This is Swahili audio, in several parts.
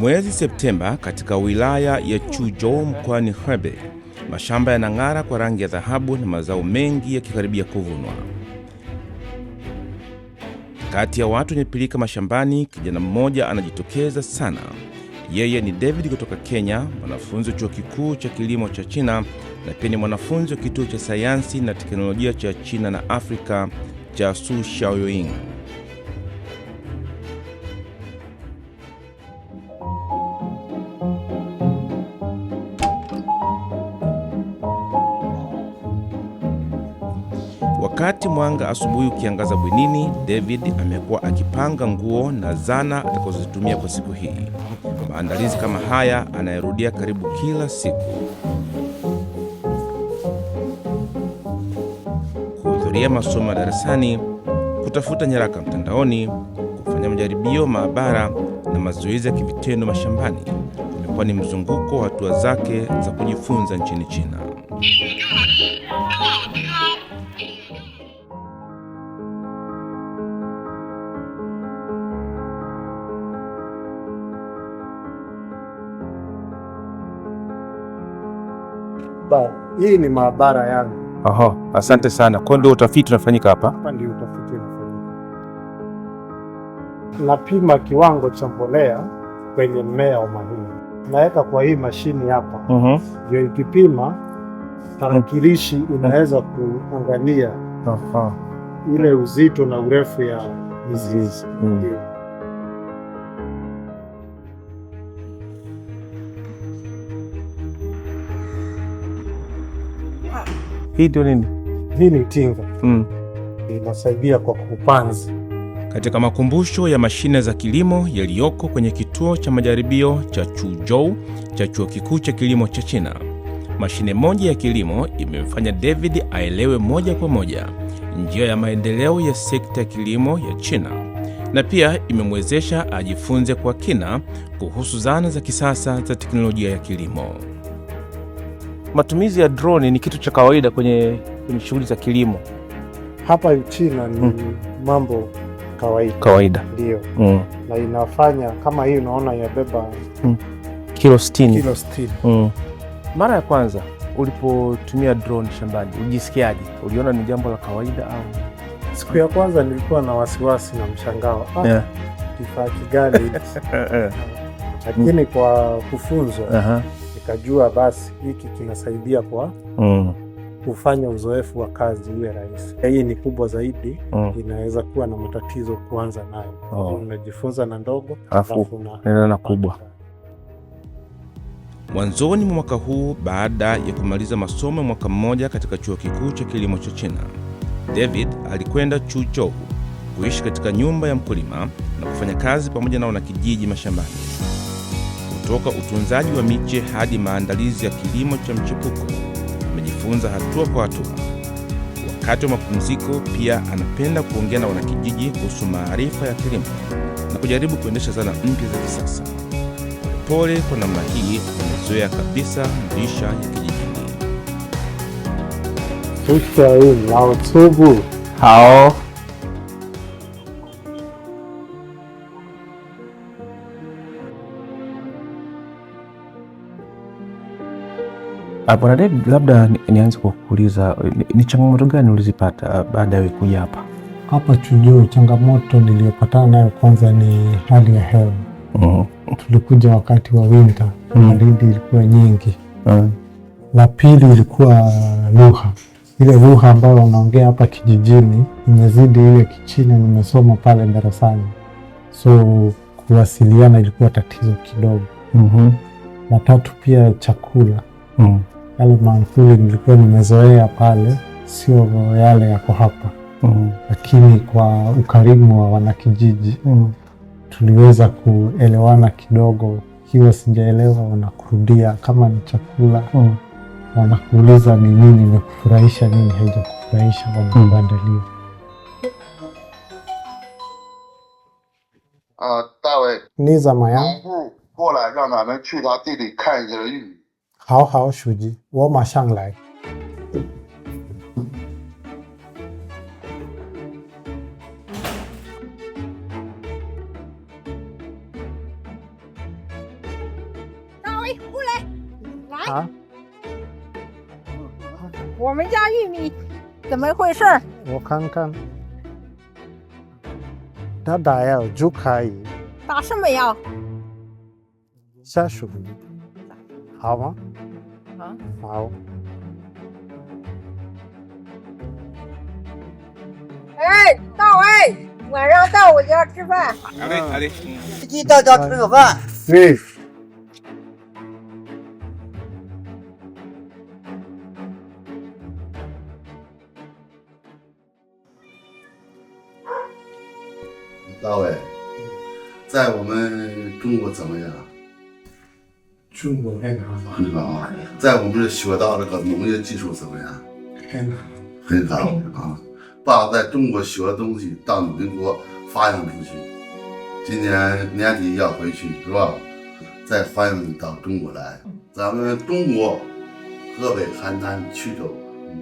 Mwezi Septemba katika wilaya ya chujo mkoani Hebei, mashamba yanang'ara kwa rangi ya dhahabu na mazao mengi yakikaribia kuvunwa. Kati ya watu wenye pilika mashambani, kijana mmoja anajitokeza sana. Yeye ni David kutoka Kenya, mwanafunzi wa chuo kikuu cha kilimo cha China na pia ni mwanafunzi wa kituo cha sayansi na teknolojia cha China na Afrika cha Su Shaoying. Wakati mwanga asubuhi ukiangaza bwinini David amekuwa akipanga nguo na zana atakazozitumia kwa siku hii. Maandalizi kama haya anayerudia karibu kila siku. Kuhudhuria masomo ya darasani, kutafuta nyaraka mtandaoni, kufanya majaribio maabara na mazoezi ya kivitendo mashambani, amekuwa ni mzunguko wa hatua zake za kujifunza nchini China. maabara. Hii ni maabara yangu. Aha, asante sana. Kwa ndio utafiti unafanyika hapa? Hapa ndio utafiti unafanyika. Napima kiwango cha mbolea kwenye mmea wa mahindi, naweka kwa hii mashini hapa mhm. ndio. uh -huh. Ikipima tarakilishi inaweza kuangalia uh -huh. ile uzito na urefu ya mizizi. uh mm. -huh. Hii ndio nini? Hii ni tinga mm. Inasaidia kwa kupanzi katika makumbusho ya mashine za kilimo yaliyoko kwenye kituo cha majaribio cha Chuzhou cha chuo kikuu cha kilimo cha China. Mashine moja ya kilimo imemfanya David aelewe moja kwa moja njia ya maendeleo ya sekta ya kilimo ya China na pia imemwezesha ajifunze kwa kina kuhusu zana za kisasa za teknolojia ya kilimo. Matumizi ya drone ni kitu cha kawaida kwenye, kwenye shughuli za kilimo hapa Uchina ni mm. mambo kawaida, kawaida. Ndio mm. na inafanya kama hii unaona inabeba mm. kilo 60 kilo 60 mm. Mara ya kwanza ulipotumia drone shambani ujisikiaje? Uliona ni jambo la kawaida au? Siku ya kwanza nilikuwa na wasiwasi na mshangao, ah, yeah. kifaa kigani eh, eh. lakini kwa kufunzwa uh -huh nikajua basi hiki kinasaidia kwa mm. kufanya uzoefu wa kazi uwe rahisi. Hii ni kubwa zaidi mm. inaweza kuwa na matatizo kuanza nayo oh. unajifunza na ndogo alafu na, kubwa. Mwanzoni mwa mwaka huu, baada ya kumaliza masomo ya mwaka mmoja katika chuo kikuu cha kilimo cha China, David alikwenda Chuchohu kuishi katika nyumba ya mkulima na kufanya kazi pamoja na wanakijiji mashambani. Kutoka utunzaji wa miche hadi maandalizi ya kilimo cha mchepuko, amejifunza hatua kwa hatua. Wakati wa mapumziko, pia anapenda kuongea na wanakijiji kuhusu maarifa ya kilimo na kujaribu kuendesha zana mpya za kisasa. Polepole kwa namna hii, amezoea kabisa maisha ya kijijini. Hao Hapo David, labda nianze kwa kuuliza ni, ni changamoto gani ulizipata baada ya kuja hapa hapa chuo? Changamoto niliyopatana nayo kwanza ni hali ya hewa. -huh. Mm-hmm. Tulikuja wakati wa winter, mm. baridi ilikuwa nyingi. -huh. Mm. La pili ilikuwa lugha, ile lugha ambayo unaongea hapa kijijini imezidi ile kichina nimesoma pale darasani, so kuwasiliana ilikuwa tatizo kidogo. Uh mm-hmm. -huh. La tatu pia chakula -huh. Mm yale maamkuli nilikuwa nimezoea pale sio yale yako hapa mm. Lakini kwa ukarimu wa wanakijiji mm. tuliweza kuelewana kidogo, kiwa sijaelewa wanakurudia kama ni chakula mm. wanakuuliza ni nini imekufurahisha, nini haijakufurahisha, wanakuandalia mm. uh, niza 好好手机，我马上来。大伟，过来，来。啊。我们家玉米怎么回事？我看看。打药就可以。打什么药？杀虫。好吗？好。哎，大伟，晚上到我家吃饭。好嘞，好嘞。司机到家吃个饭。是。大伟，在我们中国怎么样？中国太难，很难啊！在我们这学到这个农业技术怎么样？很难，很难啊！爸在中国学的东西到你们国发扬出去。今年年底要回去是吧？再欢迎到中国来。咱们中国河北邯郸曲州，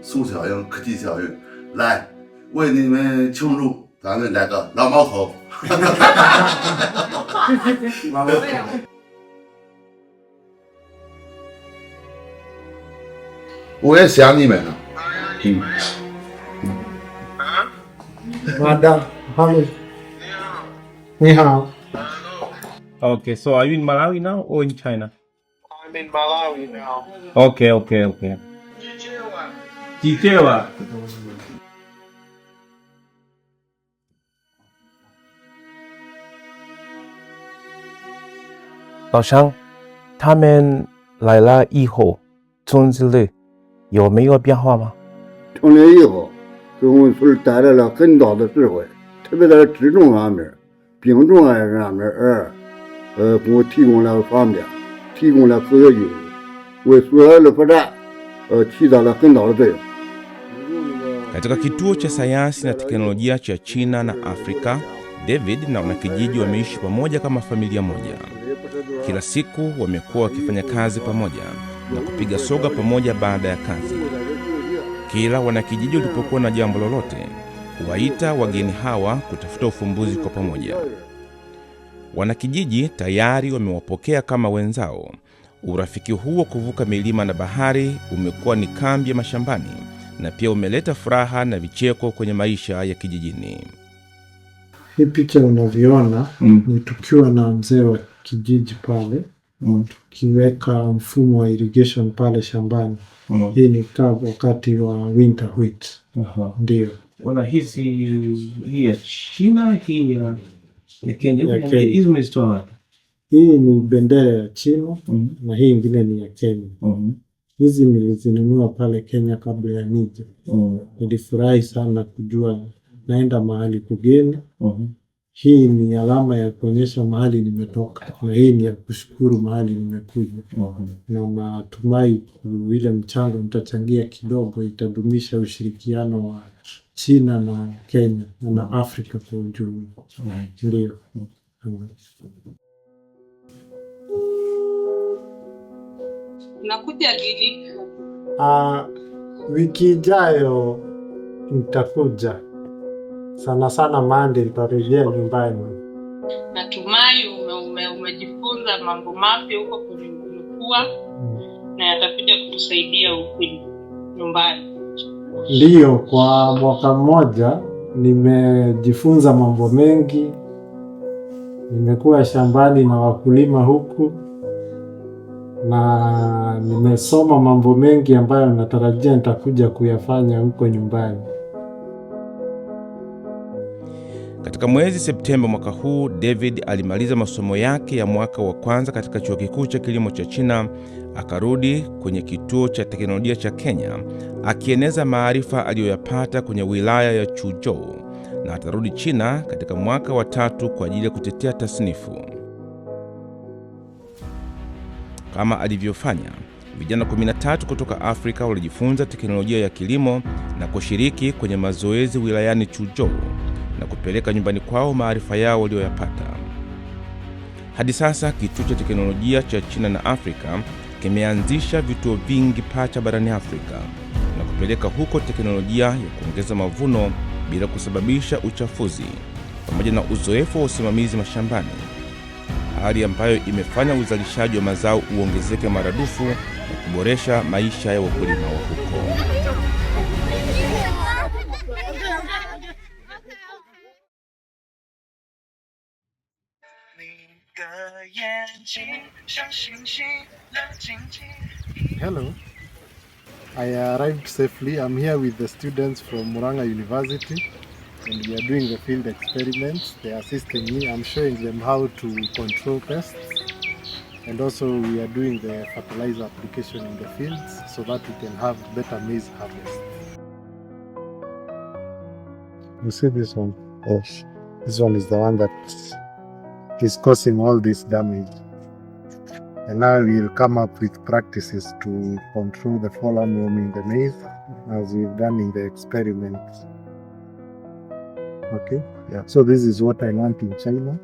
苏小英科技教育，来为你们庆祝，咱们来个老毛头。我也想你们。了。嗯。啊？万达，哈你好。哈喽。Okay, so are you in Malawi now or in China? I'm in Malawi now. Okay, okay, okay. Teteva。老乡，他们来了以后，村子里。有没有变化吗？成年以后，给我村带来了很大的智慧，特别在治重方面、病重啊上面，呃，呃，给我提供了方便，提供了科学技术，为所有的发展，呃，起到了很大的作用。Katika kituo cha sayansi na teknolojia cha China na Afrika, David na wanakijiji wameishi pamoja kama familia moja. Kila siku wamekuwa wakifanya kazi pamoja na kupiga soga pamoja baada ya kazi. Kila wanakijiji walipokuwa na jambo lolote, huwaita wageni hawa kutafuta ufumbuzi kwa pamoja. Wanakijiji tayari wamewapokea kama wenzao. Urafiki huu wa kuvuka milima na bahari umekuwa ni kambi ya mashambani na pia umeleta furaha na vicheko kwenye maisha ya kijijini. Hii picha unavyoona mm, ni tukiwa na mzee wa kijiji pale tukiweka mfumo wa irrigation pale shambani mm. hii ni wakati wa winter wheat ndio wala hizi hii ya China hii ya Kenya hizi Hii ni bendera ya China mm na hii ingine ni ya Kenya mm hizi nilizinunua pale Kenya kabla ya nije mm nilifurahi sana kujua naenda mahali kugeni mm hii ni alama ya kuonyesha mahali nimetoka, na hii ni ya kushukuru mahali nimekuja. Na natumai ile mchango mtachangia kidogo itadumisha ushirikiano wa China na Kenya na Afrika kwa ujumla. Ndio. Nakuja lini? Ah, wiki ijayo nitakuja sana sana mande nitarejea nyumbani. Natumai umejifunza ume, ume mambo mapya huko kwenye mm, na yatakuja kutusaidia huku nyumbani. Ndiyo, kwa mwaka mmoja nimejifunza mambo mengi, nimekuwa shambani na wakulima huku na nimesoma mambo mengi ambayo natarajia nitakuja kuyafanya huko nyumbani. Katika mwezi Septemba mwaka huu, David alimaliza masomo yake ya mwaka wa kwanza katika chuo kikuu cha kilimo cha China, akarudi kwenye kituo cha teknolojia cha Kenya akieneza maarifa aliyoyapata kwenye wilaya ya Chuzhou, na atarudi China katika mwaka wa tatu kwa ajili ya kutetea tasnifu kama alivyofanya. Vijana 13 kutoka Afrika walijifunza teknolojia ya kilimo na kushiriki kwenye mazoezi wilayani Chuzhou na kupeleka nyumbani kwao maarifa yao waliyoyapata. Hadi sasa kituo cha teknolojia cha China na Afrika kimeanzisha vituo vingi pacha barani Afrika na kupeleka huko teknolojia ya kuongeza mavuno bila kusababisha uchafuzi pamoja na uzoefu wa usimamizi mashambani, hali ambayo imefanya uzalishaji wa mazao uongezeke maradufu na kuboresha maisha ya wakulima wa huko. Hello. I arrived safely. I'm here with the students from Muranga University and we are doing the field experiments. They are assisting me. I'm showing them how to control pests and also we are doing the fertilizer application in the fields so that we can have better maize harvest. You see this one? Yes. This one is the one that is causing all this damage. And now we'll come up with practices to control the fall armyworm in the maize as we've done in the experiments Okay, yeah. So this is what I learned in China.